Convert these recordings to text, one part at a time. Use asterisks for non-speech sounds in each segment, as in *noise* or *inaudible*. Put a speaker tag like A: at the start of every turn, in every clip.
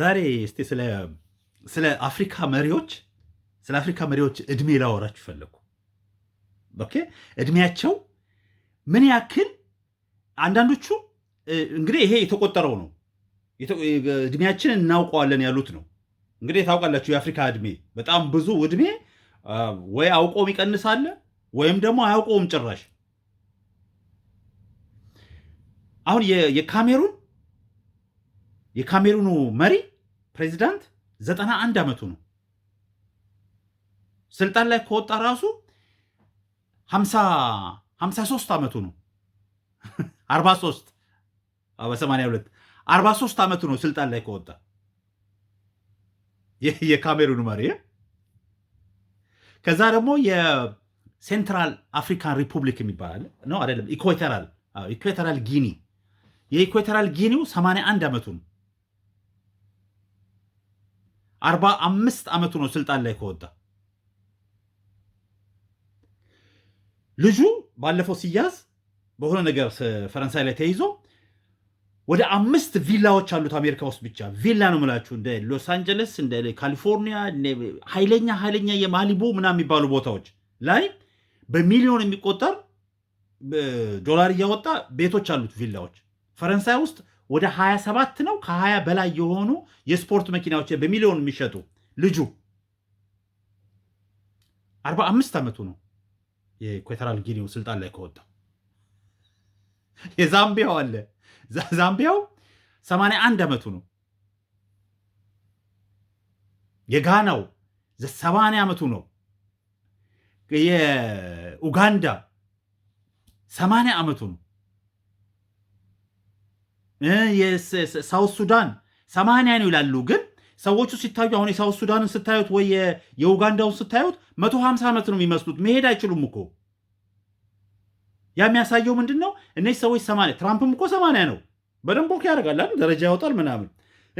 A: ዛሬ እስቲ ስለ አፍሪካ መሪዎች ስለ አፍሪካ መሪዎች እድሜ ላወራችሁ ፈለግኩ። ኦኬ እድሜያቸው ምን ያክል አንዳንዶቹ እንግዲህ ይሄ የተቆጠረው ነው። እድሜያችን እናውቀዋለን ያሉት ነው። እንግዲህ ታውቃላችሁ፣ የአፍሪካ እድሜ በጣም ብዙ እድሜ ወይ አውቀውም ይቀንሳል ወይም ደግሞ አያውቀውም ጭራሽ። አሁን የካሜሩን የካሜሩኑ መሪ ፕሬዚዳንት ዘጠና አንድ ዓመቱ ነው። ስልጣን ላይ ከወጣ ራሱ ሀምሳ ሶስት ዓመቱ ነው። *laughs* አርባ ሶስት በሰማንያ ሁለት አርባ ሶስት ዓመቱ ነው ስልጣን ላይ ከወጣ የካሜሩኑ መሪ። ከዛ ደግሞ የሴንትራል አፍሪካን ሪፑብሊክ የሚባል ነው አይደለም፣ ኢኳቶራል ኢኳቶራል ጊኒ የኢኳቶራል ጊኒው 81 ዓመቱ ነው። አርባ አምስት ዓመቱ ነው ስልጣን ላይ ከወጣ ልጁ ባለፈው ሲያዝ በሆነ ነገር ፈረንሳይ ላይ ተይዞ ወደ አምስት ቪላዎች አሉት አሜሪካ ውስጥ ብቻ ቪላ ነው የምላችሁ እንደ ሎስ አንጀለስ እንደ ካሊፎርኒያ ኃይለኛ ኃይለኛ የማሊቦ ምናምን የሚባሉ ቦታዎች ላይ በሚሊዮን የሚቆጠር ዶላር እያወጣ ቤቶች አሉት ቪላዎች ፈረንሳይ ውስጥ ወደ 27 ነው ከ20 በላይ የሆኑ የስፖርት መኪናዎች በሚሊዮን የሚሸጡ ልጁ 45 ዓመቱ ነው። የኢኳቶሪያል ጊኒው ስልጣን ላይ ከወጣው የዛምቢያው አለ። ዛምቢያው 81 ዓመቱ ነው። የጋናው 70 ዓመቱ ነው። የኡጋንዳ 80 ዓመቱ ነው። ሳውት ሱዳን ሰማንያ ነው ይላሉ። ግን ሰዎቹ ሲታዩ አሁን የሳውት ሱዳንን ስታዩት ወይ የኡጋንዳውን ስታዩት መቶ ሀምሳ ዓመት ነው የሚመስሉት። መሄድ አይችሉም እኮ ያ የሚያሳየው ምንድን ነው? እነዚህ ሰዎች ሰማንያ ትራምፕም እኮ ሰማንያ ነው። በደንብ ወክ ያደርጋል ደረጃ ያወጣል ምናምን።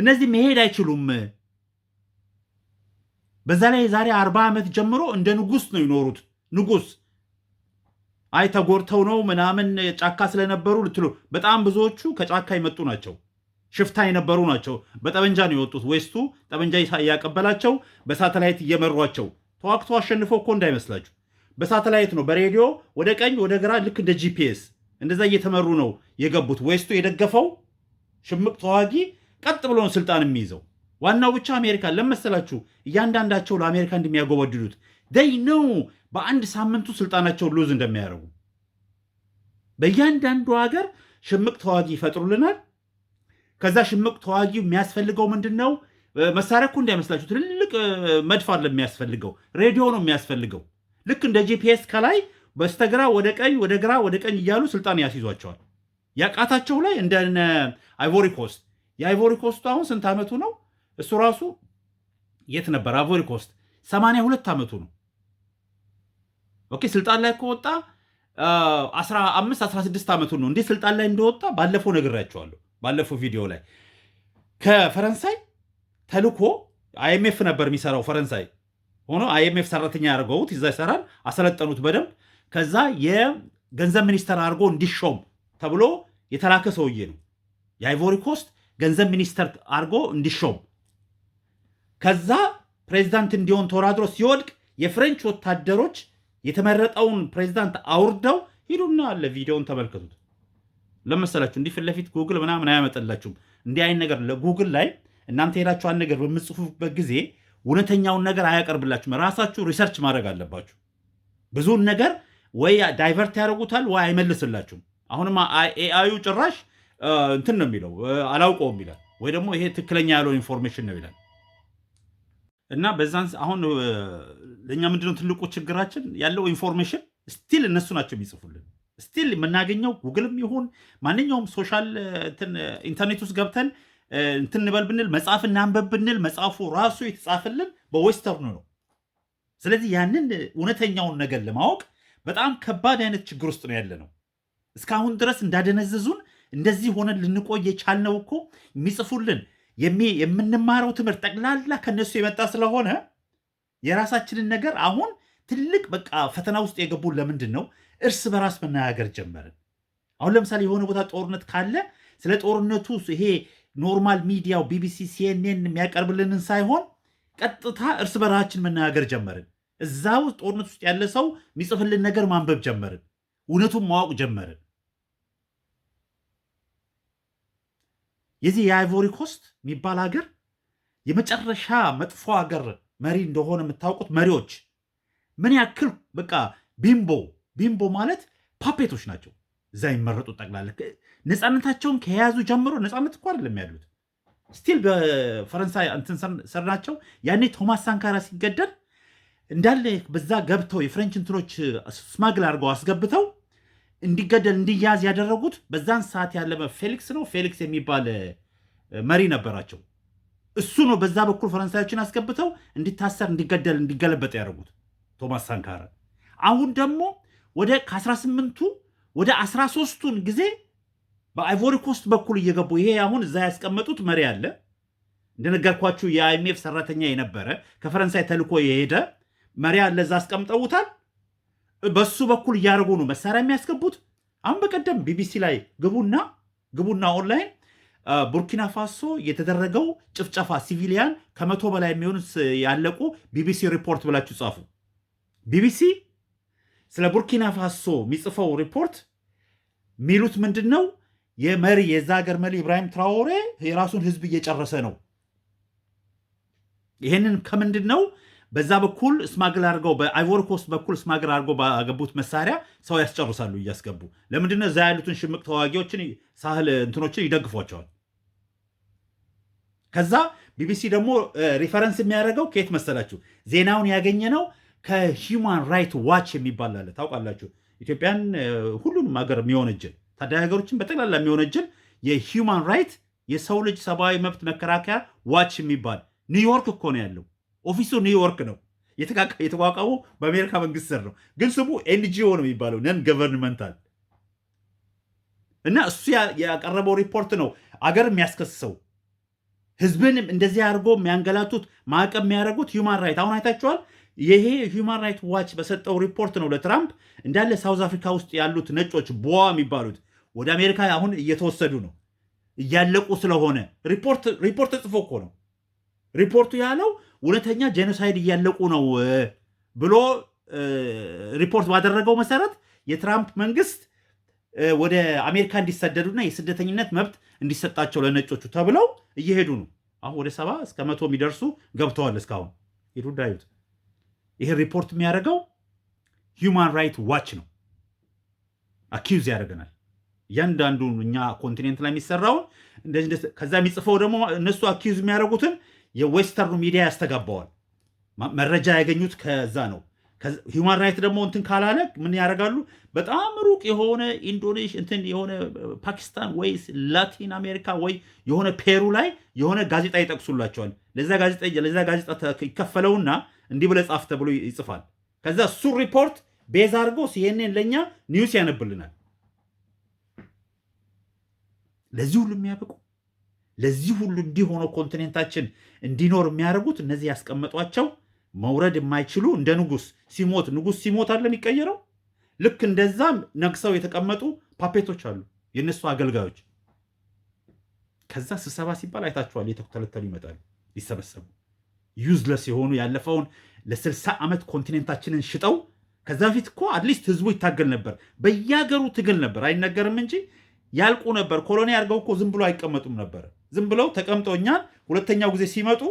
A: እነዚህ መሄድ አይችሉም። በዛ ላይ የዛሬ አርባ ዓመት ጀምሮ እንደ ንጉስ ነው ይኖሩት ንጉስ አይ ተጎድተው ነው ምናምን ጫካ ስለነበሩ ልትሉ፣ በጣም ብዙዎቹ ከጫካ የመጡ ናቸው። ሽፍታ የነበሩ ናቸው። በጠመንጃ ነው የወጡት። ዌስቱ ጠመንጃ እያቀበላቸው በሳተላይት እየመሯቸው ተዋክቶ አሸንፎ እኮ እንዳይመስላችሁ በሳተላይት ነው በሬዲዮ ወደ ቀኝ ወደ ግራ ልክ እንደ ጂፒኤስ እንደዛ እየተመሩ ነው የገቡት። ዌስቱ የደገፈው ሽምቅ ተዋጊ ቀጥ ብሎን ስልጣን የሚይዘው ዋናው ብቻ አሜሪካ ለመሰላችሁ እያንዳንዳቸው ለአሜሪካ እንደሚያጎበድዱት ደይ ነው በአንድ ሳምንቱ ስልጣናቸውን ሉዝ እንደሚያደርጉ በእያንዳንዱ ሀገር ሽምቅ ተዋጊ ይፈጥሩልናል። ከዛ ሽምቅ ተዋጊ የሚያስፈልገው ምንድን ነው? መሳሪያ እኮ እንዳይመስላችሁ ትልልቅ መድፍ አይደለም የሚያስፈልገው፣ ሬዲዮ ነው የሚያስፈልገው። ልክ እንደ ጂፒኤስ ከላይ በስተግራ ወደ ቀኝ፣ ወደ ግራ፣ ወደ ቀኝ እያሉ ስልጣን ያስይዟቸዋል። ያቃታቸው ላይ እንደ አይቮሪኮስት የአይቮሪኮስቱ አሁን ስንት ዓመቱ ነው? እሱ ራሱ የት ነበር? አይቮሪኮስት ሰማንያ ሁለት ዓመቱ ነው። ኦኬ ስልጣን ላይ ከወጣ 15 16 ዓመቱን ነው። እንዴ ስልጣን ላይ እንደወጣ ባለፈው ነግራቸዋለሁ። ባለፈው ቪዲዮ ላይ ከፈረንሳይ ተልኮ አይኤምኤፍ ነበር የሚሰራው ፈረንሳይ ሆኖ አይኤምኤፍ ሰራተኛ ያደርገውት እዛ ይሰራል። አሰለጠኑት በደንብ። ከዛ የገንዘብ ሚኒስተር አድርጎ እንዲሾም ተብሎ የተላከ ሰውዬ ነው። የአይቮሪ ኮስት ገንዘብ ሚኒስተር አድርጎ እንዲሾም ከዛ ፕሬዚዳንት እንዲሆን ተወዳድሮ ሲወድቅ የፍሬንች ወታደሮች የተመረጠውን ፕሬዚዳንት አውርደው ሂዱና ቪዲዮውን ተመልከቱት። ለመሰላችሁ እንዲህ ፊት ለፊት ጉግል ምናምን አያመጠላችሁም። እንዲህ አይነት ነገር ለጉግል ላይ እናንተ ሄዳችሁ አንድ ነገር በምጽፉበት ጊዜ እውነተኛውን ነገር አያቀርብላችሁም። ራሳችሁ ሪሰርች ማድረግ አለባችሁ። ብዙውን ነገር ወይ ዳይቨርት ያደርጉታል ወይ አይመልስላችሁም። አሁንማ ኤአዩ ጭራሽ እንትን ነው የሚለው አላውቀውም ይላል፣ ወይ ደግሞ ይሄ ትክክለኛ ያለው ኢንፎርሜሽን ነው ይላል እና በዛን አሁን ለእኛ ምንድነው ትልቁ ችግራችን ያለው ኢንፎርሜሽን ስቲል እነሱ ናቸው የሚጽፉልን። ስቲል የምናገኘው ጉግልም ይሁን ማንኛውም ሶሻል ኢንተርኔት ውስጥ ገብተን እንትንበል ብንል መጽሐፍ እናንበብ ብንል መጽሐፉ ራሱ የተጻፈልን በዌስተርኑ ነው። ስለዚህ ያንን እውነተኛውን ነገር ለማወቅ በጣም ከባድ አይነት ችግር ውስጥ ነው ያለ ነው። እስካሁን ድረስ እንዳደነዘዙን እንደዚህ ሆነን ልንቆይ የቻልነው እኮ የሚጽፉልን የምንማረው ትምህርት ጠቅላላ ከነሱ የመጣ ስለሆነ የራሳችንን ነገር አሁን ትልቅ በቃ ፈተና ውስጥ የገቡን ለምንድን ነው? እርስ በራስ መነጋገር ጀመርን። አሁን ለምሳሌ የሆነ ቦታ ጦርነት ካለ ስለ ጦርነቱ ይሄ ኖርማል ሚዲያው ቢቢሲ፣ ሲኤንኤን የሚያቀርብልንን ሳይሆን ቀጥታ እርስ በራሳችን መነጋገር ጀመርን። እዛ ውስጥ ጦርነት ውስጥ ያለ ሰው የሚጽፍልን ነገር ማንበብ ጀመርን። እውነቱን ማወቅ ጀመርን። የዚህ የአይቮሪ ኮስት የሚባል ሀገር የመጨረሻ መጥፎ ሀገር መሪ እንደሆነ የምታውቁት መሪዎች ምን ያክል በቃ ቢምቦ ቢምቦ ማለት ፓፔቶች ናቸው። እዛ የሚመረጡት ጠቅላላ ነፃነታቸውን ከያዙ ጀምሮ ነፃነት እኮ አይደለም ያሉት ስቲል በፈረንሳይ እንትን ስር ናቸው። ያኔ ቶማስ ሳንካራ ሲገደል እንዳለ በዛ ገብተው የፍሬንች እንትኖች ስማግል አድርገው አስገብተው እንዲገደል እንዲያዝ ያደረጉት በዛን ሰዓት ያለ ፌሊክስ ነው። ፌሊክስ የሚባል መሪ ነበራቸው። እሱ ነው በዛ በኩል ፈረንሳዮችን አስገብተው እንዲታሰር እንዲገደል እንዲገለበጥ ያደርጉት ቶማስ ሳንካረ። አሁን ደግሞ ወደ ከ18ቱ ወደ 13ቱን ጊዜ በአይቮሪኮስት በኩል እየገቡ ይሄ አሁን እዛ ያስቀመጡት መሪ አለ እንደነገርኳችሁ የአይኤምኤፍ ሰራተኛ የነበረ ከፈረንሳይ ተልኮ የሄደ መሪ አለ እዛ አስቀምጠውታል። በሱ በኩል እያደረጉ ነው መሳሪያ የሚያስገቡት። አሁን በቀደም ቢቢሲ ላይ ግቡና ግቡና ኦንላይን ቡርኪና ፋሶ የተደረገው ጭፍጨፋ ሲቪሊያን ከመቶ በላይ የሚሆኑ ያለቁ ቢቢሲ ሪፖርት ብላችሁ ጻፉ። ቢቢሲ ስለ ቡርኪና ፋሶ የሚጽፈው ሪፖርት የሚሉት ምንድን ነው? የመሪ የዛ ሀገር መሪ ኢብራሂም ትራዎሬ የራሱን ህዝብ እየጨረሰ ነው። ይህንን ከምንድን ነው በዛ በኩል ስማግል አድርገው በአይቮር ኮስት በኩል ስማግል አድርገው ባገቡት መሳሪያ ሰው ያስጨርሳሉ እያስገቡ። ለምንድነው እዛ ያሉትን ሽምቅ ተዋጊዎችን ሳህል እንትኖችን ይደግፏቸዋል። ከዛ ቢቢሲ ደግሞ ሪፈረንስ የሚያደርገው ከየት መሰላችሁ? ዜናውን ያገኘ ነው ከሂውማን ራይት ዋች የሚባል አለ። ታውቃላችሁ ኢትዮጵያን ሁሉንም ሀገር የሚወነጅል ታዳጊ ሀገሮችን በጠቅላላ የሚወነጅል የሂውማን ራይት የሰው ልጅ ሰብአዊ መብት መከራከያ ዋች የሚባል ኒውዮርክ እኮ ነው ያለው። ኦፊሱ ኒውዮርክ ነው። የተቋቋመው በአሜሪካ መንግስት ስር ነው፣ ግን ስሙ ኤንጂኦ ነው የሚባለው ነን ገቨርንመንታል እና እሱ ያቀረበው ሪፖርት ነው አገር የሚያስከስሰው ህዝብንም እንደዚህ አድርጎ የሚያንገላቱት ማዕቀብ የሚያደርጉት ሂውማን ራይት አሁን አይታችኋል። ይሄ ሂውማን ራይት ዋች በሰጠው ሪፖርት ነው ለትራምፕ እንዳለ ሳውዝ አፍሪካ ውስጥ ያሉት ነጮች ቦዋ የሚባሉት ወደ አሜሪካ አሁን እየተወሰዱ ነው እያለቁ ስለሆነ ሪፖርት ጽፎ እኮ ነው ሪፖርቱ ያለው እውነተኛ ጄኖሳይድ እያለቁ ነው ብሎ ሪፖርት ባደረገው መሰረት የትራምፕ መንግስት ወደ አሜሪካ እንዲሰደዱና የስደተኝነት መብት እንዲሰጣቸው ለነጮቹ ተብለው እየሄዱ ነው። አሁን ወደ ሰባ እስከ መቶ የሚደርሱ ገብተዋል። እስካሁን ሄዱ ዳዩት። ይሄ ሪፖርት የሚያደርገው ሂውማን ራይት ዋች ነው። አኪዩዝ ያደርገናል። እያንዳንዱ እኛ ኮንቲኔንት ላይ የሚሰራውን ከዛ የሚጽፈው ደግሞ እነሱ አኪዩዝ የሚያደርጉትን የዌስተርኑ ሚዲያ ያስተጋባዋል። መረጃ ያገኙት ከዛ ነው። ሂውማን ራይት ደግሞ እንትን ካላለ ምን ያደርጋሉ? በጣም ሩቅ የሆነ ኢንዶኔሽ እንትን የሆነ ፓኪስታን ወይ ላቲን አሜሪካ ወይ የሆነ ፔሩ ላይ የሆነ ጋዜጣ ይጠቅሱላቸዋል። ለዛ ጋዜጣ ይከፈለውና እንዲህ ብለ ጻፍ ተብሎ ይጽፋል። ከዛ እሱ ሪፖርት ቤዝ አድርጎ ሲሄንን ለእኛ ኒውስ ያነብልናል። ለዚህ ሁሉ የሚያበቁ ለዚህ ሁሉ እንዲሆነ ኮንቲኔንታችን እንዲኖር የሚያደርጉት እነዚህ ያስቀመጧቸው መውረድ የማይችሉ እንደ ንጉስ ሲሞት ንጉስ ሲሞት አለ የሚቀየረው። ልክ እንደዛም ነግሰው የተቀመጡ ፓፔቶች አሉ፣ የእነሱ አገልጋዮች። ከዛ ስብሰባ ሲባል አይታችኋል፣ የተተለተሉ ይመጣሉ፣ ይሰበሰቡ ዩዝለስ የሆኑ ያለፈውን ለስልሳ ዓመት ኮንቲኔንታችንን ሽጠው። ከዛ በፊት እኮ አትሊስት ህዝቡ ይታገል ነበር፣ በየሀገሩ ትግል ነበር። አይነገርም እንጂ ያልቁ ነበር። ኮሎኒ አድርገው እኮ ዝም ብሎ አይቀመጡም ነበር። ዝም ብለው ተቀምጦኛል። እኛን ሁለተኛው ጊዜ ሲመጡ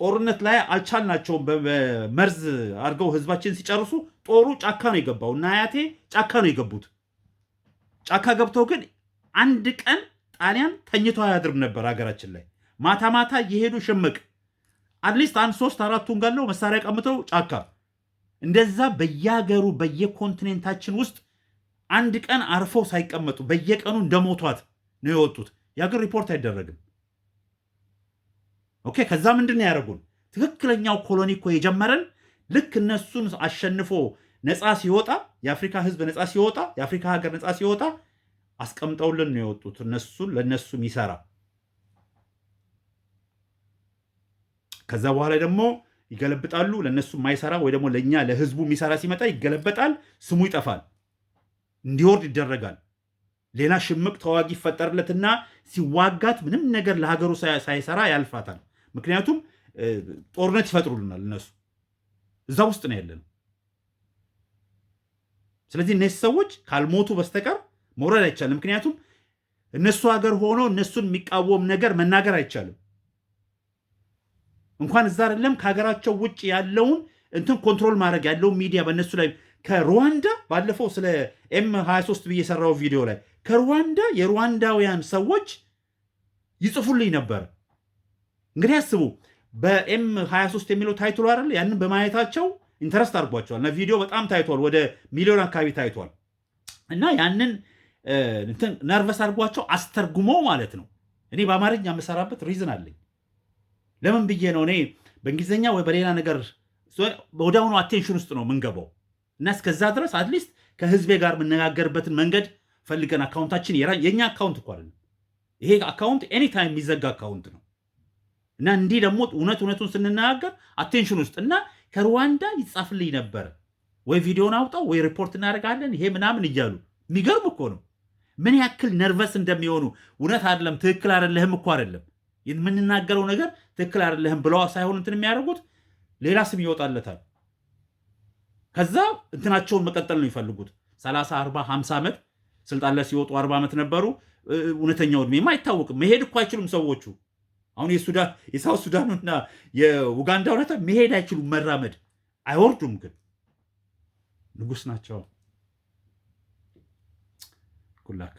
A: ጦርነት ላይ አልቻልናቸውም። በመርዝ አድርገው ህዝባችን ሲጨርሱ ጦሩ ጫካ ነው የገባው እና አያቴ ጫካ ነው የገቡት። ጫካ ገብተው ግን አንድ ቀን ጣሊያን ተኝቶ አያድርም ነበር ሀገራችን ላይ። ማታ ማታ የሄዱ ሽምቅ አትሊስት አንድ ሶስት አራቱን ጋለው መሳሪያ ቀምተው ጫካ እንደዛ በየሀገሩ በየኮንቲኔንታችን ውስጥ አንድ ቀን አርፈው ሳይቀመጡ በየቀኑ እንደሞቷት ነው የወጡት። የሀገር ሪፖርት አይደረግም። ኦኬ ከዛ ምንድን ያደረጉን ትክክለኛው ኮሎኒ እኮ የጀመረን ልክ እነሱን አሸንፎ ነፃ ሲወጣ የአፍሪካ ህዝብ ነፃ ሲወጣ የአፍሪካ ሀገር ነፃ ሲወጣ አስቀምጠውልን ነው የወጡት። እነሱን ለእነሱ የሚሰራ ከዛ በኋላ ደግሞ ይገለብጣሉ። ለእነሱ የማይሰራ ወይ ደግሞ ለእኛ ለህዝቡ የሚሰራ ሲመጣ ይገለበጣል፣ ስሙ ይጠፋል፣ እንዲወርድ ይደረጋል። ሌላ ሽምቅ ተዋጊ ይፈጠርለትና ሲዋጋት ምንም ነገር ለሀገሩ ሳይሰራ ያልፋታል። ምክንያቱም ጦርነት ይፈጥሩልናል እነሱ እዛ ውስጥ ነው ያለነው። ስለዚህ እነዚህ ሰዎች ካልሞቱ በስተቀር መውረድ አይቻልም። ምክንያቱም እነሱ ሀገር ሆኖ እነሱን የሚቃወም ነገር መናገር አይቻልም። እንኳን እዛ አይደለም ከሀገራቸው ውጭ ያለውን እንትን ኮንትሮል ማድረግ ያለውን ሚዲያ በእነሱ ላይ ከሩዋንዳ ባለፈው ስለ ኤም 23 ብዬ የሰራው ቪዲዮ ላይ ከሩዋንዳ የሩዋንዳውያን ሰዎች ይጽፉልኝ ነበር። እንግዲህ አስቡ በኤም 23 የሚለው ታይትሉ አይደል? ያንን በማየታቸው ኢንተረስት አድርጓቸዋል እና ቪዲዮ በጣም ታይቷል፣ ወደ ሚሊዮን አካባቢ ታይቷል። እና ያንን ነርቨስ አድርጓቸው አስተርጉሞ ማለት ነው። እኔ በአማርኛ የምሰራበት ሪዝን አለኝ። ለምን ብዬ ነው እኔ በእንግሊዝኛ ወይ በሌላ ነገር ወደ አሁኑ አቴንሽን ውስጥ ነው የምንገባው። እና እስከዛ ድረስ አትሊስት ከህዝቤ ጋር የምነጋገርበትን መንገድ ፈልገን አካውንታችን የኛ አካውንት እኮ አይደለም ይሄ አካውንት ኤኒታይም የሚዘጋ አካውንት ነው እና እንዲህ ደግሞ እውነት እውነቱን ስንነጋገር አቴንሽን ውስጥ እና ከሩዋንዳ ይጻፍልኝ ነበር ወይ ቪዲዮን አውጣው ወይ ሪፖርት እናደርጋለን ይሄ ምናምን እያሉ የሚገርም እኮ ነው። ምን ያክል ነርቨስ እንደሚሆኑ እውነት አይደለም ትክክል አይደለህም እኮ አይደለም የምንናገረው ነገር ትክክል አይደለህም ብለዋ ሳይሆን እንትን የሚያደርጉት ሌላ ስም ይወጣለታል። ከዛ እንትናቸውን መቀጠል ነው ይፈልጉት። 30 40 50 ዓመት ስልጣን ላይ ሲወጡ 40 ዓመት ነበሩ። እውነተኛው እድሜማ አይታወቅም። መሄድ እኮ አይችሉም ሰዎቹ አሁን የሳውት ሱዳኑና የኡጋንዳ ሁኔታ መሄድ አይችሉም፣ መራመድ አይወርዱም፣ ግን ንጉስ ናቸው። ኩላክ